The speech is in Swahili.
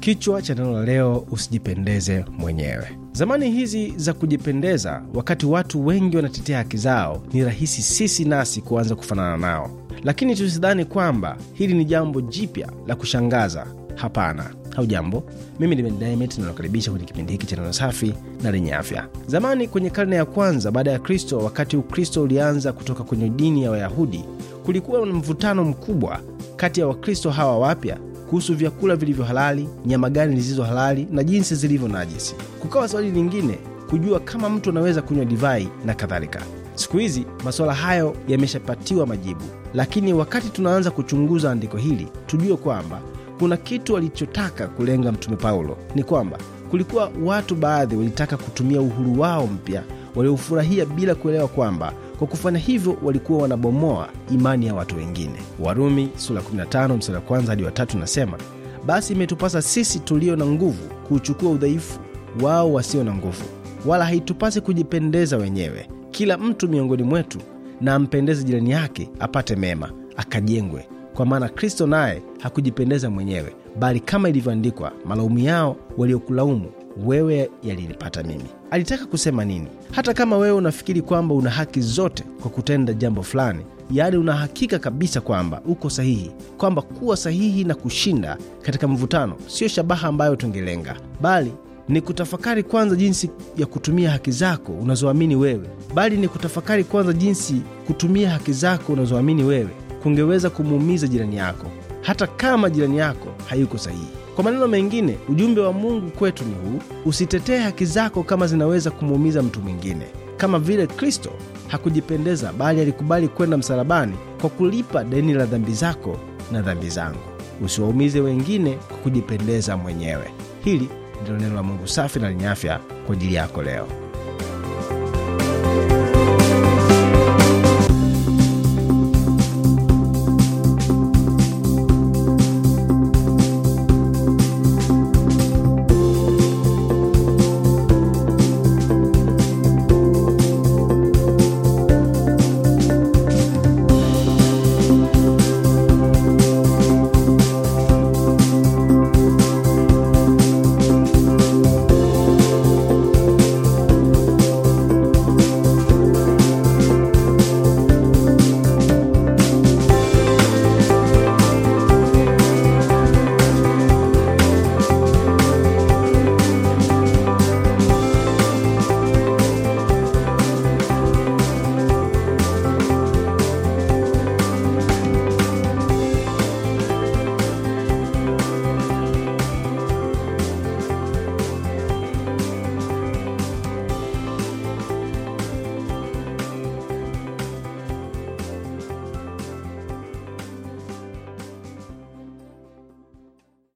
Kichwa cha neno la leo, usijipendeze mwenyewe. Zamani hizi za kujipendeza, wakati watu wengi wanatetea haki zao, ni rahisi sisi nasi kuanza kufanana nao, lakini tusidhani kwamba hili ni jambo jipya la kushangaza. Hapana. jambo mimi ni Ben Diamond na nakaribisha kwenye kipindi hiki cha neno safi na lenye afya. Zamani kwenye karne ya kwanza baada ya Kristo, wakati Ukristo ulianza kutoka kwenye dini ya Wayahudi, kulikuwa na mvutano mkubwa kati ya Wakristo hawa wapya kuhusu vyakula vilivyo halali, nyama gani zilizo halali na jinsi zilivyo najisi. Kukawa swali lingine kujua kama mtu anaweza kunywa divai na kadhalika. Siku hizi masuala hayo yameshapatiwa majibu, lakini wakati tunaanza kuchunguza andiko hili, tujue kwamba kuna kitu alichotaka kulenga Mtume Paulo ni kwamba kulikuwa watu baadhi walitaka kutumia uhuru wao mpya waliofurahia bila kuelewa kwamba kwa kufanya hivyo, walikuwa wanabomoa imani ya watu wengine. Warumi sura 15 mstari wa kwanza hadi watatu nasema, basi imetupasa sisi tulio na nguvu kuuchukua udhaifu wao wasio na nguvu, wala haitupasi kujipendeza wenyewe. Kila mtu miongoni mwetu na ampendeze jirani yake, apate mema, akajengwe kwa maana Kristo naye hakujipendeza mwenyewe, bali kama ilivyoandikwa, malaumu yao waliokulaumu wewe yalinipata mimi alitaka kusema nini hata kama wewe unafikiri kwamba una haki zote kwa kutenda jambo fulani yaani unahakika kabisa kwamba uko sahihi kwamba kuwa sahihi na kushinda katika mvutano sio shabaha ambayo tungelenga bali ni kutafakari kwanza jinsi ya kutumia haki zako unazoamini wewe bali ni kutafakari kwanza jinsi kutumia haki zako unazoamini wewe kungeweza kumuumiza jirani yako, hata kama jirani yako hayuko sahihi. Kwa maneno mengine, ujumbe wa Mungu kwetu ni huu: usitetee haki zako kama zinaweza kumuumiza mtu mwingine, kama vile Kristo hakujipendeza, bali alikubali kwenda msalabani kwa kulipa deni la dhambi zako na dhambi zangu. Usiwaumize wengine kwa kujipendeza mwenyewe. Hili ndilo neno la Mungu safi na lenye afya kwa ajili yako leo.